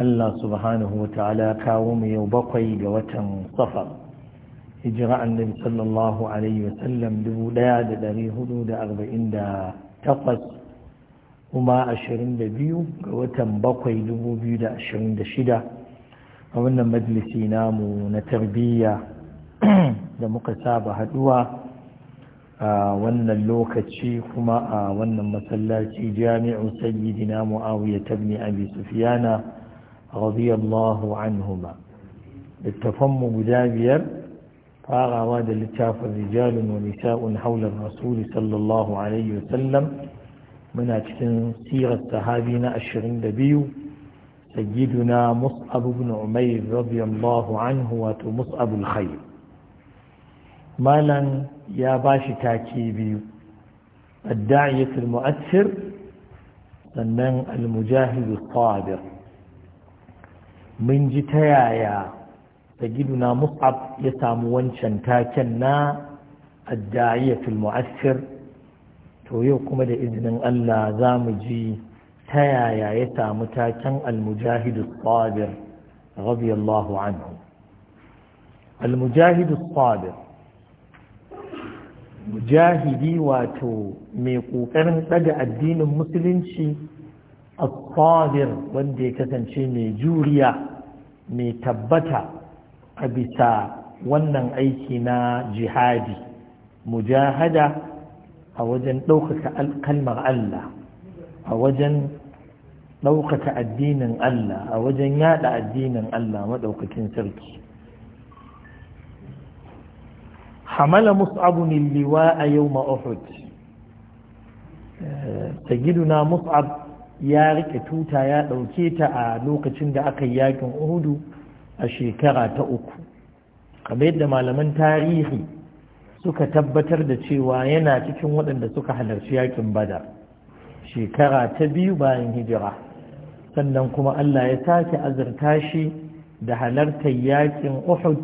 Allah subhanahu wa ta'ala kawo mu yau bakwai ga watan safar hijira annabi sallallahu alaihi wa sallam dubu ɗaya da ɗari hudu da arba'in da takwas kuma ashirin da biyu ga watan bakwai dubu biyu da ashirin da shida a wannan majalisi namu na tarbiyya da muka saba haɗuwa a wannan lokaci kuma a wannan masallaci jami'in sayyidina muawiya tabni abi sufiyana رضي الله عنهما التفمم داجيا فاغا واد لتاف الرجال ونساء حول الرسول صلى الله عليه وسلم من اجتن سيرة صحابينا الشرين دبيو سيدنا مصعب بن عمير رضي الله عنه واتو مصعب الخير مالا يا باش تاكيبي الداعية المؤثر سنن المجاهد الصابر mun ji ta yaya da giduna mus'ab ya samu wancan taken na adda'iyatul mu'assir to yau kuma da izinin Allah za mu ji ta yaya ya samu taken almujahidu sabir radiyallahu anhu almujahidu sabir mujahidi wato mai ƙoƙarin ɗaga addinin musulunci الصابر wanda ya kasance mai juriya mai tabbata a bisa wannan aiki na jihadi mujahada a wajen ɗaukaka kalmar Allah a wajen ɗaukaka addinin Allah a wajen yada addinin Allah maɗaukakin sarki hamala mus'abu liwa a yau ma'ufud sajiduna mus'ab ya rike tuta ya ɗauke ta a lokacin da aka yi yakin uhudu a shekara ta uku kamar yadda malaman tarihi suka tabbatar da cewa yana cikin waɗanda suka halarci yakin badar shekara ta biyu bayan hijira sannan kuma Allah ya sake azurta shi da halartar yakin uhud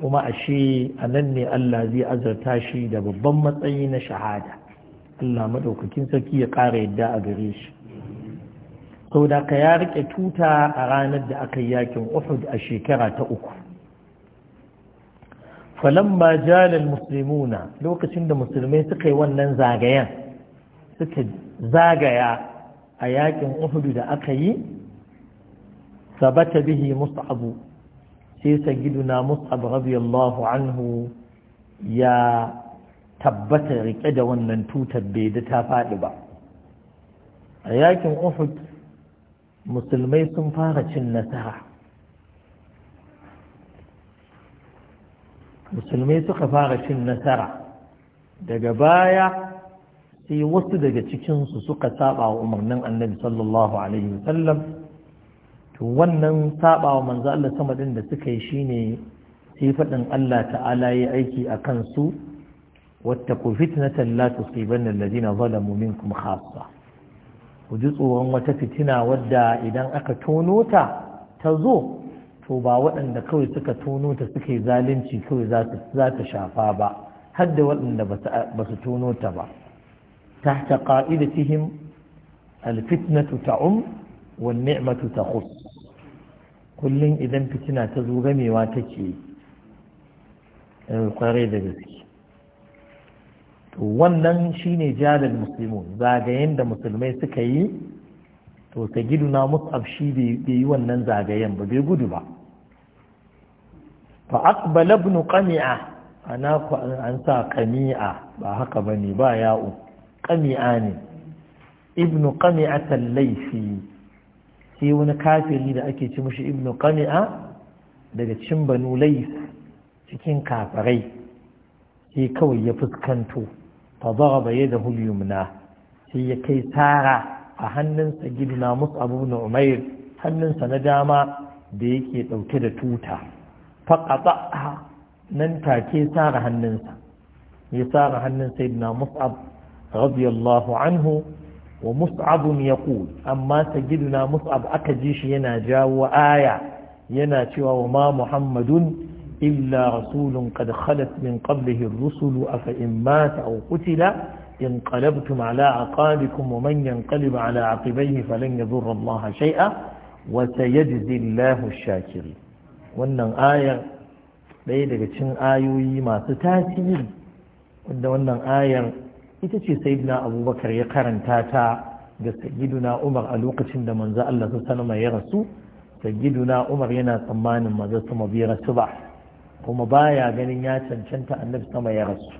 kuma ashe a nan ne Allah zai azurta shi da babban matsayi na shahada Allah maɗaukakin sarki ya ƙara yadda a gare shi saboda ka ya rike tuta a ranar da aka yi yakin uhud a shekara ta uku falamma jalal Musulmuna lokacin da musulmai suka yi wannan zagayen suka zagaya a yakin uhud da aka yi sabata bihi mus'abu sai sagiduna mus'ab radiyallahu anhu ya tabbata rike da wannan tutar bai da ta faɗi ba a yakin uhud musulmai sun fara cin nasara musulmai suka fara cin nasara daga baya sai wasu daga cikinsu suka saba wa umarnin annabi sallallahu alaihi wasallam to wannan saba wa manzo Allah sama din da suka yi shine sai faɗin Allah ta'ala yi aiki a kansu wattaku fitnatan la tusibanna alladhina zalamu minkum khassa ku ji tsoron wata fitina wadda idan aka tono ta ta zo to ba waɗanda kawai suka tono ta suka zalunci kawai za ta shafa ba har da waɗanda ba su tono ta ba tahta qa'idatihim alfitnatu ta'um wan ni'matu takhus kullum idan fitina ta zo gamewa take kware eh, da gaske to wannan shine jalal muslimun zagayen da musulmai suka yi to ta na mus'ab shi bai yi wannan zagayen ba bai gudu ba fa aqbala ibn qami'a ana an sa qami'a ba haka bane ba ya'u qami'a ne ibn qami'a al-laysi sai wani kafiri da ake ci mishi ibn qami'a daga cikin banu cikin kafirai sai kawai ya fuskanto فضرب يده اليمنى هي كي تارى أهنن سجدنا مصعب بن عمير هنن سنداما بيكي توكد توتا فقطعها ننتا كي سارى هننسا يسارى هنن سيدنا مصعب رضي الله عنه ومصعب يقول أما سجدنا مصعب أكجيش ينا جاو آية ينا شوى وما محمد إلا رسول قد خلت من قبله الرسل أفإن مات أو قتل انقلبتم على عقابكم ومن ينقلب على عقبيه فلن يضر الله شيئا وسيجزي الله الشاكرين wannan ayar ɗaya daga cin ayoyi masu tasiri wanda wannan ayar ita ce sayyidina abubakar ya karanta ta ga sayyiduna umar a lokacin da manzo Allah sallallahu alaihi ya rasu na umar yana tsammanin maza sama bai rasu ba kuma baya ganin ya cancanta annabi sama ya rasu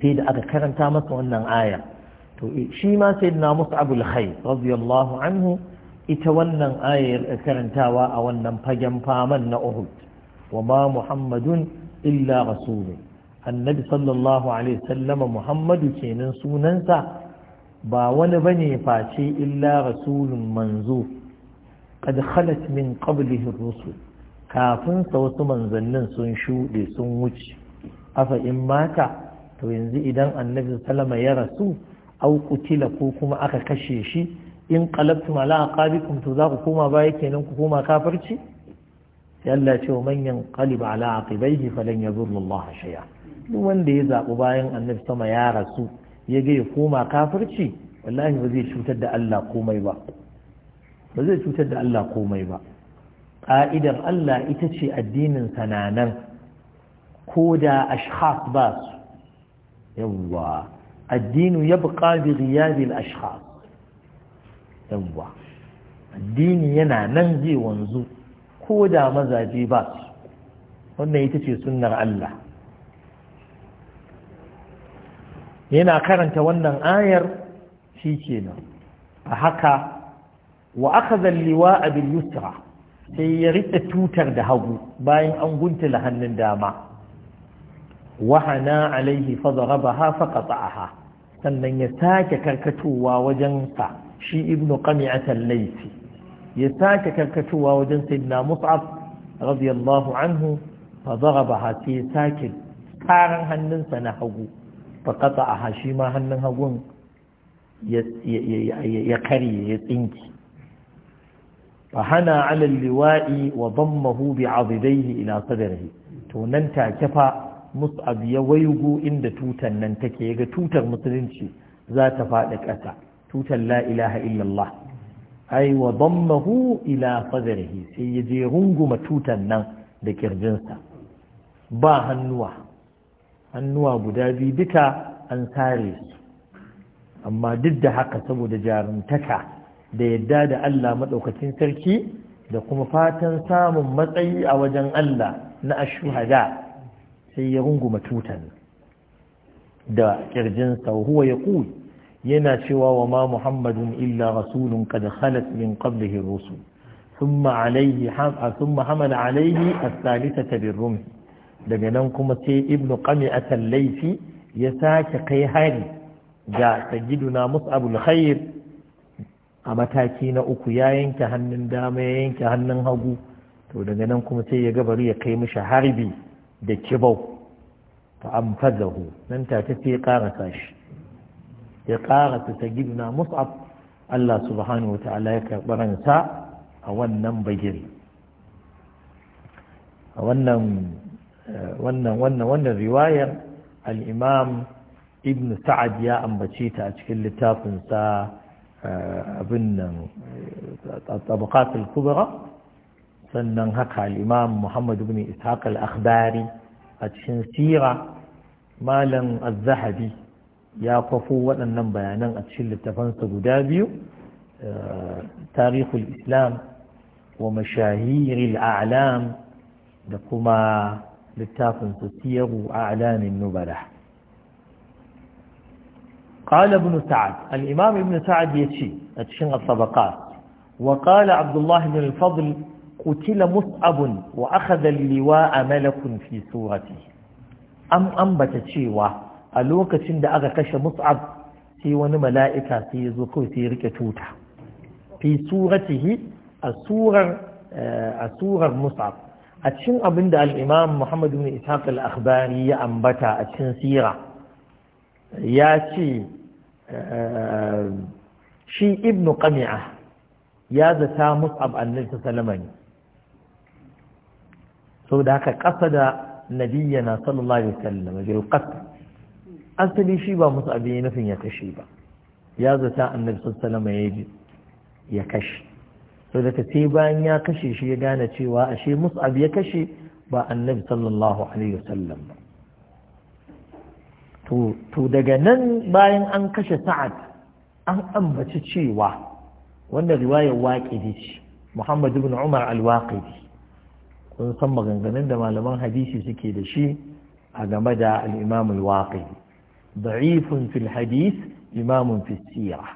sai da aka karanta masa wannan aya to shi ma sai na musu abul khair radiyallahu anhu ita wannan ayar karantawa a wannan fagen faman na uhud wa ma muhammadun illa rasulu annabi sallallahu alaihi sallama muhammadu kenan sunansa ba wani bane face illa rasulun manzo qad khalat min qablihi rusul kafin sa wasu manzannin sun shuɗe sun wuce afa in mata to yanzu idan annabi salama ya rasu au kutila ko kuma aka kashe shi in ma la aqabikum to za ku koma baya kenan ku koma kafirci sai Allah ya ce wa man yanqalib ala aqibaihi falan yadurru Allah shay'a duk wanda ya zaɓi bayan annabi sama ya rasu ya ga ya koma kafirci wallahi ba zai cutar da Allah komai ba ba zai cutar da Allah komai ba ƙa'idar Allah ita ce addinin sananan ko da ashkhas ba su yawwa addinu ya buƙa bi riyabil ashkhas yawwa addini yana nan zai wanzu ko da mazaje ba su wannan ita ce sunnar Allah yana karanta wannan ayar shi kenan a haka wa aka zalliwa abin yusra sai ya riƙe tutar da hagu bayan an guntula hannun dama wahana alaihi fadarabaha aha. sannan ya sake karkatowa wajen shi ibnu qami'at al ya sake karkatowa wajen sayyidina mus'ab radiyallahu anhu fadarabaha sai ya sake karan hannunsa na hagu faqata'aha shi ma hannun hagun ya karye ya tsinki فهنا على اللواء وضمه بعضديه الى صدره to nan take fa mus'ab ya waigu inda tutan nan take ga tutar musulunci za ta fadi kasa tutan la ilaha illallah. Ai ay wa dammahu ila sai ya je runguma tutar nan da ƙirjinsa. ba hannuwa hannuwa guda biyu duka an sare su amma duk da haka saboda jaruntaka da yadda da Allah maɗaukacin sarki da kuma fatan samun matsayi a wajen Allah na ashuhada sai ya runguma tutan da ƙirjinsa huwa ya ƙuyi yana cewa wa ma muhammadun illa rasulun kad khalat min qablihi rusul ثم عليه ثم حمل عليه الثالثة بالرمح daga nan kuma sai ibnu qami'at laifi ya sake kai hari ga sayyiduna mus'ab al-khair a mataki na uku ya yanke hannun dama ya yanke hannun hagu to daga nan kuma sai ya gabaru ya kai mishi harbi da kibau fa amfazahu nan take sai ya karasa shi ya karasa ta gidna mus'ab Allah subhanahu wa ta'ala ya karɓi ransa a wannan bagiri a wannan eh, wannan wannan wannan riwayar al-imam ibn sa'ad ya ambace ta a cikin littafinsa abin nan tabaqatul kubra sannan haka al-imam Muhammad bin Ishaq al-Akhbari a cikin sira malam az-Zahabi ya kwafo waɗannan bayanan a cikin littafansa guda biyu tarihul islam wa mashahiril a'lam da kuma littafin su siyaru a'lamin nubala قال ابن سعد الإمام ابن سعد يتشي أتشن الصدقات وقال عبد الله بن الفضل قتل مصعب وأخذ اللواء ملك في سورته أم أنبت تشيوة الوقت عند أغكش مصعب في ون ملائكة في ذكر في ركتوتة في سورته السورة السورة مصعب أتشن أبند الإمام محمد بن إسحاق الأخباري أنبت أتشن سيره ya ce shi ibnu qami'a ya zata mus'ab annabi sallallahu ne sau da haka ƙasa da nabiyyana sallallahu alaihi wasallam bil qatl asali shi ba mus'ab ne nufin ya kashe ba ya zata annabi sallallahu alaihi ya kashe sau da sai bayan ya kashe shi ya gane cewa ashe mus'ab ya kashe ba annabi sallallahu alaihi wasallam ba to daga nan bayan an kashe sa'ad an ambaci cewa wanda riwayar waƙidi ce muhammad ibn umar al-waqidi kun san maganganun da malaman hadisi suke da shi a game da al-imam al-waqidi da'ifun fil hadith imamun fil sirah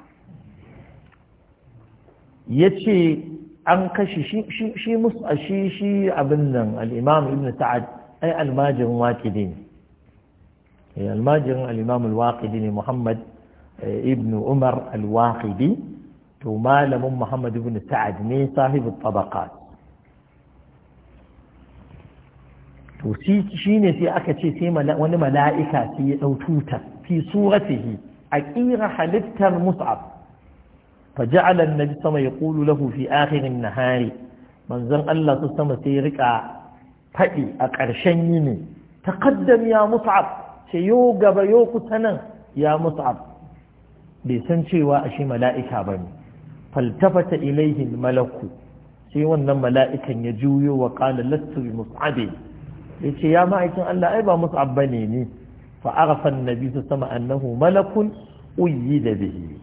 an kashe shi shi abin nan al'imam ibn sa'ad ai almajin waƙidi ne Eh, almajirin al-imam al-waqidi ne muhammad eh, ibn umar al-waqidi to malamin muhammad ibn sa'ad ne sahibu tabaqat to shi sai aka ce sai wani mala'ika sai ya ɗau tuta fi suratihi a ƙira halittar mus'ab fa ja'ala annabi sama ya ƙulu lahu fi akhirin nahari manzon Allah sa sama sai riƙa faɗi a ƙarshen yini taqaddam ya mus'ab ce yo gaba yo kuta nan ya mus'ab bai san cewa ashe mala'ika bane faltafata ilaihin malaku sai wannan mala'ikan ya juyo wa qala lastu bi Ya yace ya ma'aikin Allah ai ba mus'ab bane ni fa biyu su sama annahu malakun da bihi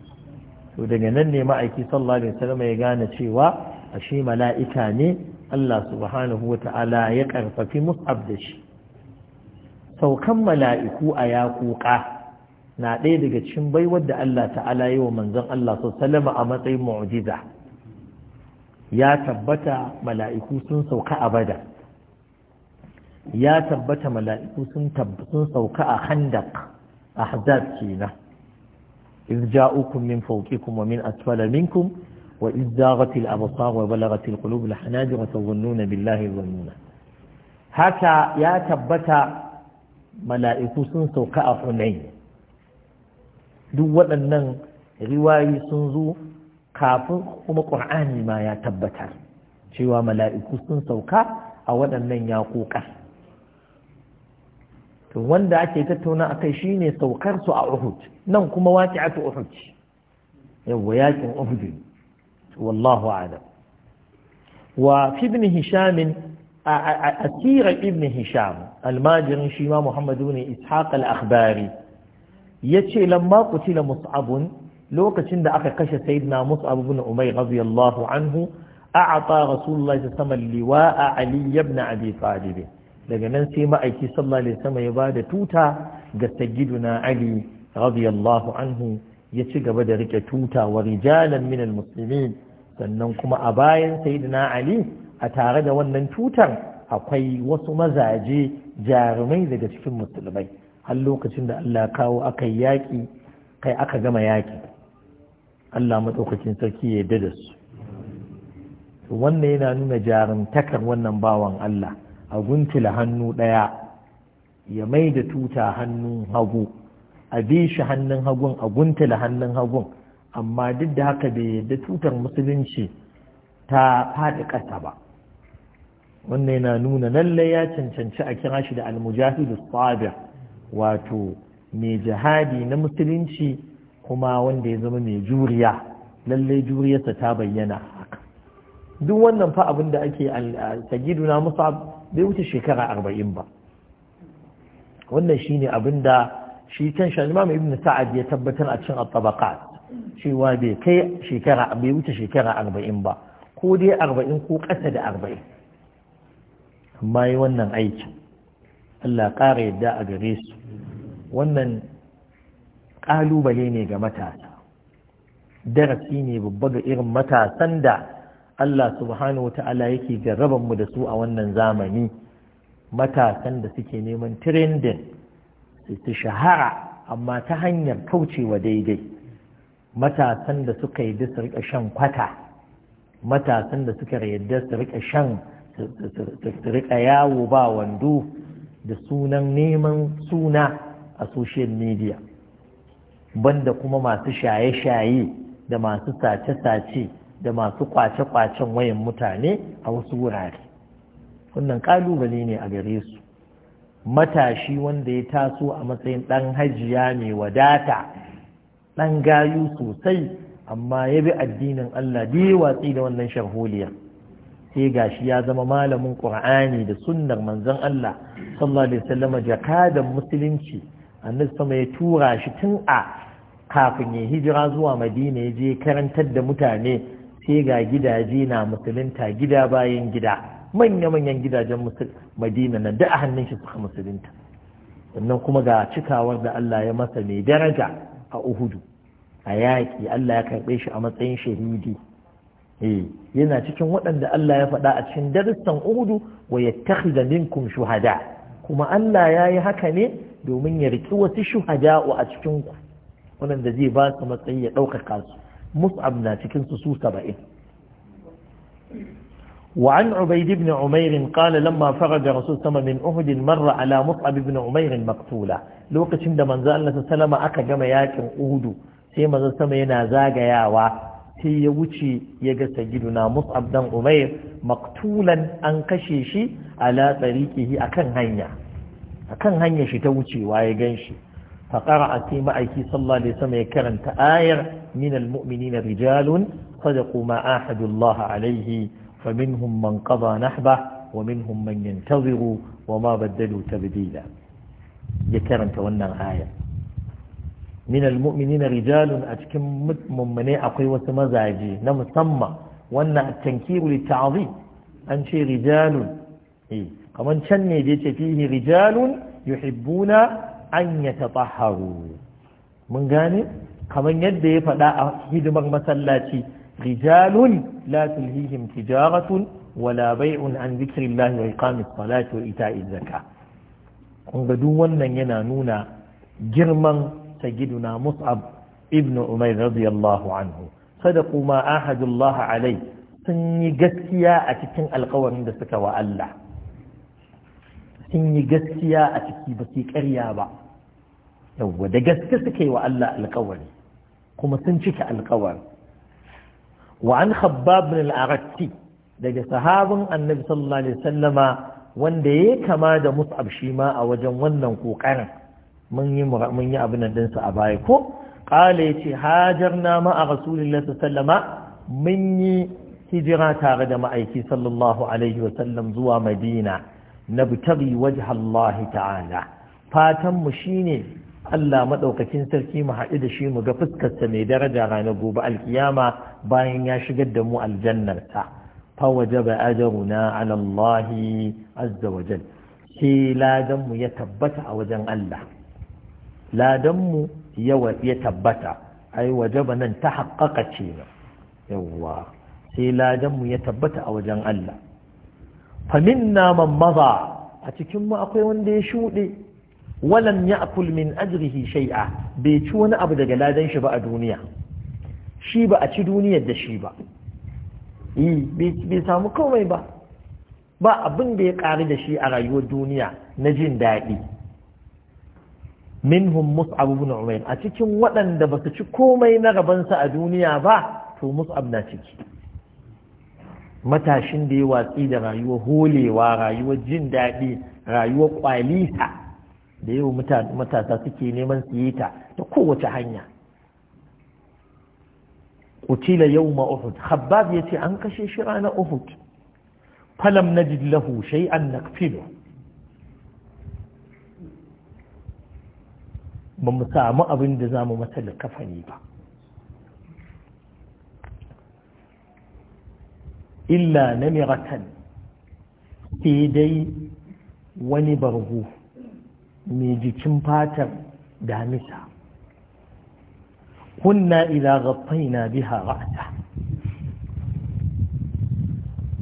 to daga nan ne ma'aiki sallallahu alaihi wasallam ya gane cewa ashe mala'ika ne Allah subhanahu wa ta'ala ya karfafi mus'ab da shi saukan mala’iku a ya kuka na ɗaya daga cin bai wadda Allah ta’ala yi wa manzan Allah su salama a matsayin ma’ujiza ya tabbata mala’iku sun sauka a bada ya tabbata mala’iku sun sauka a handak a hazad kenan iz ja'ukum min fawqikum wa min asfala minkum wa iz zaghatil absar wa balaghatil qulub al hanajir wa tazunnuna billahi zannuna haka ya tabbata mala'iku sun sauka a hunayi duk waɗannan riwayi sun zo kafin kuma ƙur'ani ma ya tabbatar cewa mala'iku sun sauka a waɗannan ya ƙoƙar. to wanda ake tattauna a kai shi ne saukar su a uhud nan kuma waƙi a uhud yawwa yaƙin uhud wallahu alam wa fi ibn hishamin a sirar ibn hisham almajirin shi ma muhammadu ne ishaq al-akhbari ya ce lamma kutila mus'abun lokacin da aka kashe sayyidina mus'ab ibn umayr radiyallahu anhu a'ata rasulullahi sallallahu alaihi liwa a ali ibn abi talib daga nan sai ma'aiki sallallahu alaihi wasallam ya bada tuta ga sayyiduna ali radiyallahu anhu ya ci gaba da rike tuta wa rijalan minal muslimin sannan kuma a bayan sayyidina ali a tare da wannan tutar akwai wasu mazaje jarumai daga cikin musulmai har lokacin da Allah kawo aka yaƙi kai aka gama yaƙi Allah maɗaukacin sarki ya yarda da su wannan yana nuna jarumtakar wannan bawan Allah a guntula hannu ɗaya ya mai da tuta hannun hagu a bi shi hannun hagun a guntula hannun hagun amma duk da haka bai yarda tutar musulunci ta faɗi ƙasa ba wannan yana nuna lalle ya cancanci a kira shi da almujahidu sabir wato mai jihadi na musulunci kuma wanda ya zama mai juriya lalle juriyarsa ta bayyana haka duk wannan fa abin da ake sagiduna musa bai wuce shekara arba'in ba wannan shine abin da shi can shi imam ibn sa'ad ya tabbatar a cikin at-tabaqat cewa bai kai shekara bai wuce shekara arba'in ba ko dai arba'in ko ƙasa da arba'in amma yi wannan aiki Allah ƙara yadda a gare su wannan ƙalubale ne ga matasa darasi ne babba ga irin matasan da Allah subhanahu wa ta'ala yake mu da su a wannan zamani matasan da suke neman trending su shahara amma ta hanyar kaucewa daidai matasan da suka yi da su rika shan kwata matasan da suka yarda su rika shan ta rika yawo ba wando da sunan neman suna a social media banda kuma masu shaye-shaye da masu sace-sace da masu kwace-kwacen wayan mutane a wasu wurare wannan kalubale ne a gare su matashi wanda ya taso a matsayin ɗan hajiya mai wadata ɗan gayu sosai amma ya bi addinin Allah da watsi da wannan sharholiyar sai shi ya zama malamin qur'ani da sunnar manzon Allah sallallahu alaihi wasallam jakadan musulunci annabi sama ya tura shi tun a kafin ya hijira zuwa madina ya je karantar da mutane sai ga gidaje na musulunta gida bayan gida manya-manyan gidajen madina na da a hannun shi suka musulunta sannan kuma ga cikawar da Allah ya masa mai daraja a uhudu a yaƙi Allah ya karɓe shi a matsayin shahidi Eh, yana cikin waɗanda Allah ya faɗa a cikin darussan uhudu wa ya takhida minkum shuhada kuma Allah ya yi haka ne domin ya riƙi wasu shuhada a cikin ku waɗanda zai basu matsayi ya ɗaukaka su mus'ab na cikin su su saba'in wa an ubaid ibn umair qala lamma farada sama min uhdin marra ala mus'ab ibn umair maqtula lokacin da manzo Allah sallama aka gama yakin uhudu sai maza sama yana zagayawa sai ya wuce ya ga sagidu na musab dan umair maktulan an kashe shi ala tsarikihi a akan hanya a kan hanya shi ta wucewa ya gan shi fa qara'a ti ma'aiki sallallahu alaihi wasallam ya karanta ayar min almu'minin rijalun sadaqu ma ahadullah alaihi fa minhum man qada nahba wa minhum man yantaziru wa ma baddalu tabdila ya karanta wannan ayar min almu'minina rijalun a cikin mummune akwai wasu mazaje na musamman wannan tankiru litta'zim an ce rijalun eh kaman can ne da yace fihi rijalun yuhibbuna an yatatahharu mun gane kaman yadda ya faɗa a hidimar masallaci rijalun la tulhihim tijaratun wala bai'un an zikrillahi wa iqamis salati wa ita'iz zakah kun ga duk wannan yana nuna girman سيدنا مصعب ابن أمير رضي الله عنه صدقوا ما آهد الله عليه سني قسيا أتكن القوم عند سكوى الله سني قسيا أتكي بسيك أريابا يو دا قسك سكي وألا القوم كما سنشك القوم وعن خباب بن الأغتي daga sahabin annabi sallallahu alaihi wasallama wanda ya kama da mus'ab shi ma a wajen wannan kokarin mun yi mun abin nan sa a baya ko qala yace hajarna ma a rasulillahi sallama mun yi hijira tare da ma'aiki sallallahu alaihi wa sallam zuwa madina na nabtaghi waje Allah ta'ala fatan mu shine Allah maɗaukacin sarki mu haɗu da shi mu ga fuskarsa mai daraja ranar gobe alkiyama bayan ya shigar da mu aljannarsa fa wajaba ajruna ala Allah azza wajen sai ladan mu ya tabbata a wajen Allah ladanmu yawa ya tabbata ai wajaba nan ta haƙaƙa ce yawwa sai ladanmu ya tabbata a wajen Allah famin naman maza a cikin mu akwai wanda ya shuɗe walam ya'kul min ajrihi shai'a bai ci wani abu daga ladan shi ba a duniya shi ba a ci duniyar da shi ba bai samu komai ba ba abin da ya ƙari da shi a rayuwar duniya na jin daɗi minhum mus'ab ibn umayr a cikin waɗanda ba su ci komai na rabansa a duniya ba to mus'ab na ciki matashin da ya watsi da rayuwar holewa rayuwar jin daɗi rayuwar kwalita da yau matasa suke neman su yi ta da kowace hanya Kutila قتل يوم أحد an kashe shi ranar uhud falam najid lahu shay'an نقتله ba mu samu abin da za mu mata kafani ba illa namiratan sai dai wani bargo mai jikin fatar damisa kunna ila na biha ra'ata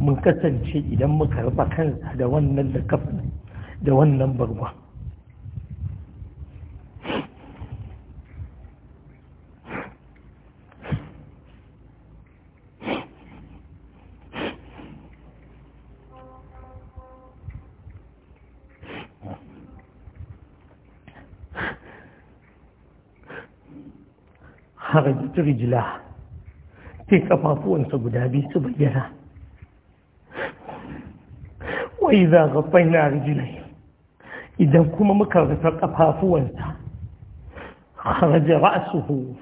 mun kasance idan muka rufa kansa da wannan da da wannan bargon kharajat rijlah sai kafafuwansa guda biyu su bayyana Wai wa idza ghaffayna rijlai idan kuma muka rufe kafafuwansa kharaja ra'suhu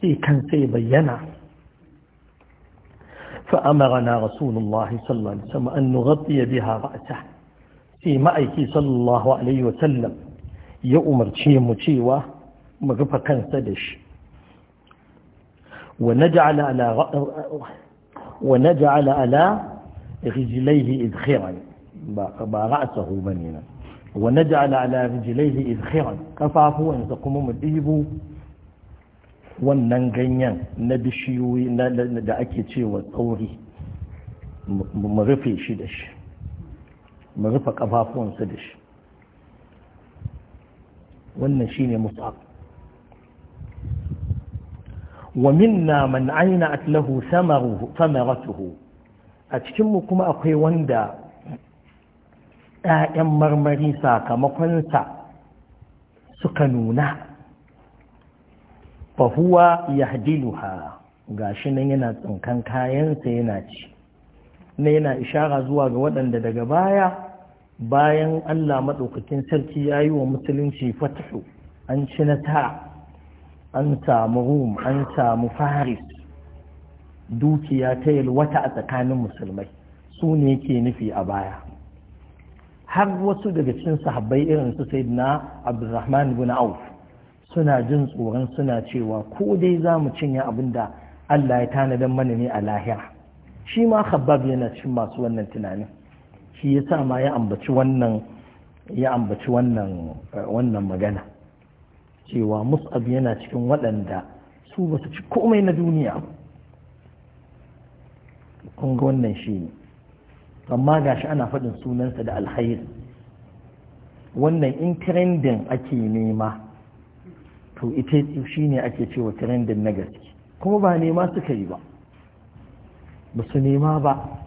sai kan sai bayyana fa amarna rasulullahi sallallahu alaihi wasallam an nughatti biha ra'sahu sai ma'aiki sallallahu alaihi wasallam ya umarce mu cewa mu rufe kansa da shi ونجعل على ونجعل على رجليه إذخرا برأسه منينا ونجعل على رجليه إذخرا كفافو أن تقوموا مديبو وننغنيا نبشيوي ندعكي تيوى الطوري مغفي شدش مغفى كفافو أن سدش ونشيني مصعب wa minna man aina atlahu samaratuhu a cikinmu kuma akwai wanda ‘ya'yan marmari sakamakonsa suka nuna fahuwa ya hadiluha gashi nan yana tsinkan kayansa yana ci na yana ishara zuwa ga waɗanda daga baya bayan Allah maɗaukakin sarki ya yi wa musulunci fatahu an ci na ta an samu rum an samu faris dukiya ta wata a tsakanin musulmai su ne ke nufi a baya har wasu daga cikin sahabbai irin su sai na abdurrahman bin auf suna jin tsoron suna cewa ko dai za mu cinye abin da allah ya tanadan mana ne a lahira shi ma habab yana cikin masu wannan tunanin shi ya sa ma ya ambaci wannan eh, magana cewa mus'ab yana cikin waɗanda su ba su ci komai na duniya kun ga wannan shi ne amma gashi ana faɗin sunansa da alhair wannan in trending ake nema to ita shi ne ake cewa trending na gaske kuma ba nema suka yi ba ba su nema ba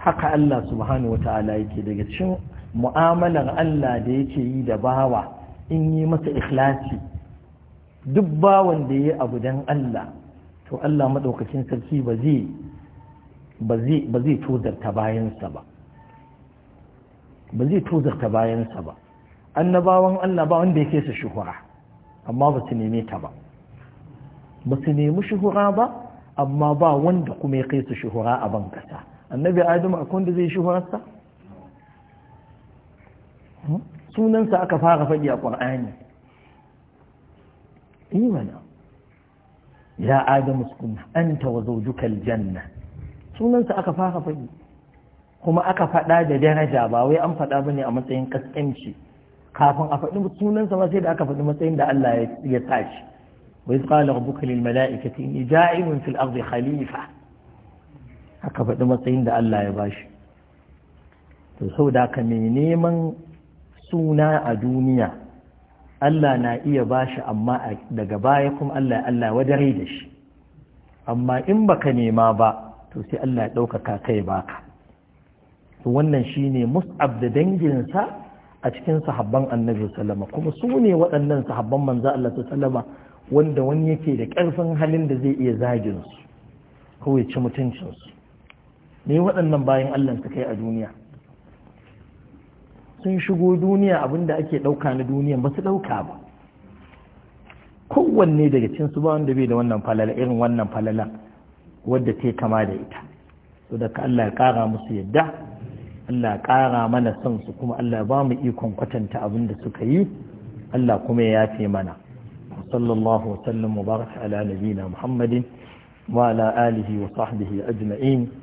haka Allah subhanahu wa ta'ala yake daga cin mu'amalar Allah da yake yi da bawa in yi masa ikhlasi duk bawan da ya abu don Allah to Allah maɗaukacin sarki ba zai tozarta bayansa ba ba zai tozarta bayansa ba annabawan Allah ba wanda yake su shuhura amma ba su neme ta ba ba su nemi shuhura ba amma ba wanda kuma ya kai su shuhura a ban kasa annabi adamu akwai wanda zai shuhurarsa sunansa aka fara faɗi a ƙwar'ani imana eh ya adamu sukuna an ta tawazo jukal janna sunansa aka fara faɗi kuma aka faɗa da daraja ba wai an faɗa ba ne a matsayin kaskanci kafin a faɗi sunansa ba sai da aka faɗi matsayin da Allah ya sa shi wai tsala rabbuka lil mala'ikati inni ja'ilun fil ardi khalifa aka faɗi matsayin da Allah ya bashi to saboda ka ne neman suna a duniya Allah na iya bashi amma daga baya kuma Allah Allah wadare da shi amma in baka nema ba to sai Allah ya ɗaukaka kai baka to wannan shine mus'ab da danginsa a cikin sahabban annabi sallama kuma su ne waɗannan sahabban manzo Allah sallama wanda wani yake da ƙarfin halin da zai iya zagin su ko ya ci mutuncin ne waɗannan bayan Allah suka yi a duniya sun shigo duniya abinda ake ɗauka na duniya ba su ɗauka ba kowanne daga cin su ba wanda bai da wannan falala irin wannan falala wadda ta kama da ita so da Allah ya ƙara musu yadda Allah ya ƙara mana son su kuma Allah ba mu ikon kwatanta abin da suka yi Allah kuma ya yafe mana sallallahu wa sallam mubarak ala nabiyina muhammadin wa ala alihi wa sahbihi ajma'in